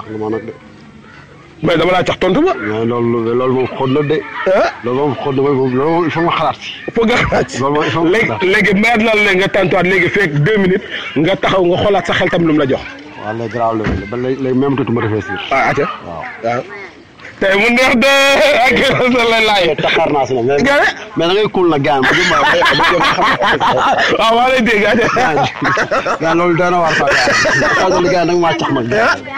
cax nga ma nag de. mais dama laa cax tontu ma. mais loolu loolu moom xóot na de. Ah. loolu moom xóot na moom loolu moom il faut nga xalaat si. foog nga xalaat si loolu moom il faut nga xalaat léegi léegi meer lan la nga tàntuwaat léegi fekk deux minutes nga taxaw nga xoolaat sa xel tam lu mu la jox. waaw léegi garaaw la ba léegi même tuuti ma réfléchir. ah ati waaw waaw. Ah. tey mu neex de ak sa lay laaj. taxaar naa si nag mais mais da ngay kuul nag gaan bu jëm waaw ah, maa lay dégg. gaan loolu dana war sax gaan loolu gaan nag maa cax ma